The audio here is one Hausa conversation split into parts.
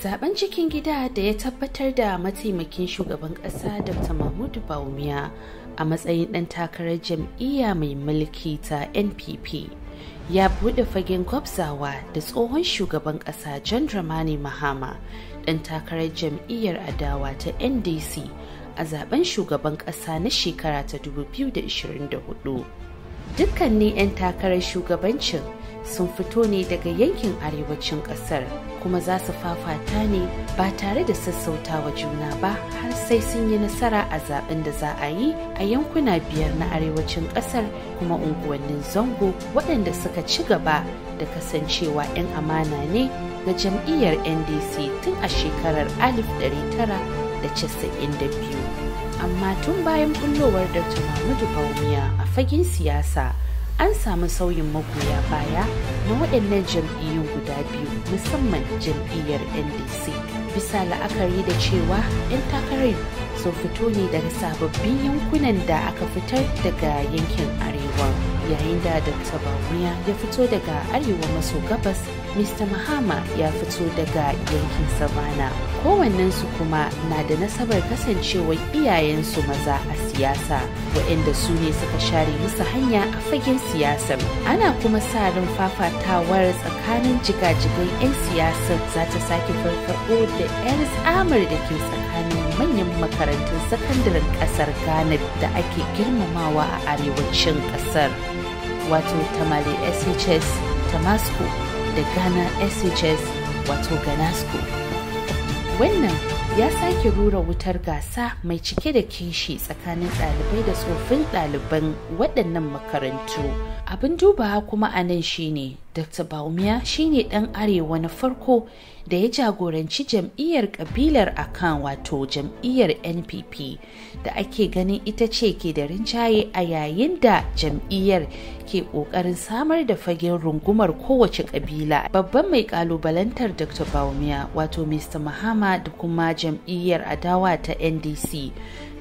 zaben cikin gida da ya tabbatar da mataimakin shugaban kasa dr Mahmud baumiya a matsayin dan takarar jam'iyya mai mulki ta npp ya bude fagen gwabzawa da tsohon shugaban kasa john dramani mahama dan takarar jam'iyyar adawa ta ndc a zaben shugaban kasa na shekara ta 2024 dukkanin 'yan takarar shugabancin sun fito ne daga yankin arewacin ƙasar kuma za su fafata ne ba tare da sassautawa juna ba har sai sun yi nasara a zaben da za a yi a yankuna biyar na arewacin ƙasar kuma unguwannin zango waɗanda suka ci gaba da kasancewa 'yan amana ne ga jam'iyyar ndc tun a shekarar 1992 amma tun bayan bullowar da mahmudu baumiya a fagen siyasa an samu sauyin magoya baya na waɗannan jam'iyyun guda biyu musamman jam'iyyar ndc bisa la'akari da cewa 'yan takarar sun fito ne daga sababbin yankunan da aka fitar daga yankin arewa yayin da dr bawuya ya fito daga arewa maso gabas mr mahama ya fito daga yankin savana kowannensu kuma na da nasabar kasancewar iyayensu maza a siyasa waɗanda su ne suka share musu hanya a fagen siyasar ana kuma sa ran fafatawar tsakanin jigan 'yan siyasar za ta sake farfaɗo da 'yan tsamar da ke tsakanin manyan makarantun sakandaren ƙasar ghana da ake girmamawa a arewacin ƙasar. wato tamale shs tamasco da ghana shs wato ganasco wannan ya sake rura wutar gasa mai cike da kishi tsakanin ɗalibai da tsofin ɗaliban waɗannan makarantu abin dubawa kuma a nan shine Dr. Baumiya shine ɗan arewa na farko da ya jagoranci jam'iyyar kabilar akan wato jam'iyyar NPP da ake ganin ita ce ke da rinjaye a yayin da jam'iyyar ke ƙoƙarin samar da fagen rungumar kowace ƙabila. Babban mai ƙalubalantar Dr. baumia wato Mr. Mahama da kuma jam'iyyar adawa ta NDC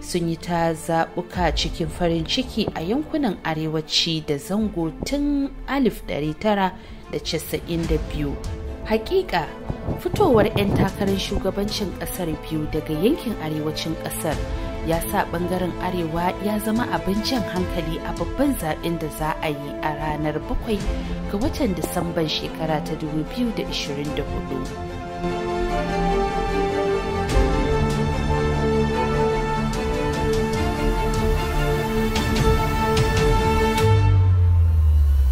sun yi ta zaɓuka cikin farin ciki a yankunan arewaci da zango tun 1992 hakika fitowar 'yan takarar shugabancin ƙasar biyu daga yankin arewacin ƙasar ya sa ɓangaren arewa ya zama abin jan hankali a babban zaɓen da za a yi a ranar 7 ga watan disamban shekara ta 2024